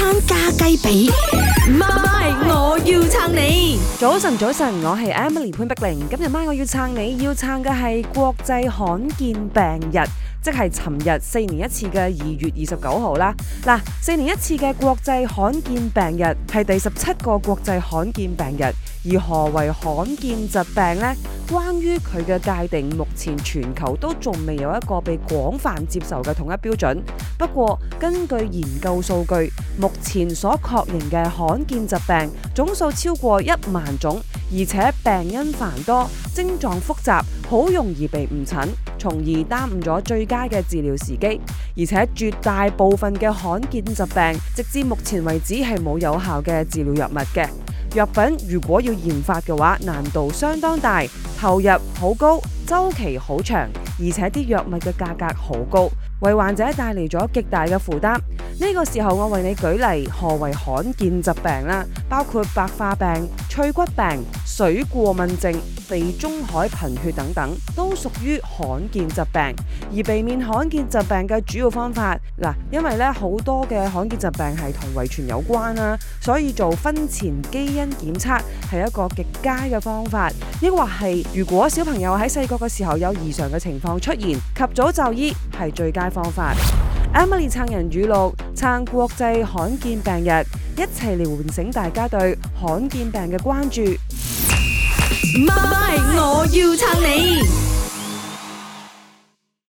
參加雞髀，媽媽我要撐你。早晨早晨，我係 Emily 潘碧玲。今日晚我要撐你，要撐嘅係國際罕見病日，即係尋日四年一次嘅二月二十九號啦。嗱，四年一次嘅國際罕見病日係第十七個國際罕見病日。而何為罕見疾病呢？關於佢嘅界定，目前全球都仲未有一個被廣泛接受嘅統一標準。不過根據研究數據，目前所確認嘅罕見疾病總數超過一萬種，而且病因繁多、症狀複雜，好容易被誤診，從而耽誤咗最佳嘅治療時機。而且絕大部分嘅罕見疾病，直至目前為止係冇有，有效嘅治療藥物嘅。藥品如果要研發嘅話，難度相當大，投入好高，周期好長，而且啲藥物嘅價格好高。為患者帶嚟咗極大嘅負擔。呢個時候，我為你舉例何為罕見疾病啦，包括白化病、脆骨病、水過敏症、地中海貧血等等，都屬於罕見疾病。而避免罕見疾病嘅主要方法，嗱，因為咧好多嘅罕見疾病係同遺傳有關啦，所以做婚前基因檢測係一個極佳嘅方法。抑或係如果小朋友喺細個嘅時候有異常嘅情況出現，及早就醫係最佳。方法，Emily 撐人語錄，撐國際罕見病日，一齊嚟喚醒大家對罕見病嘅關注。媽媽，我要撐你。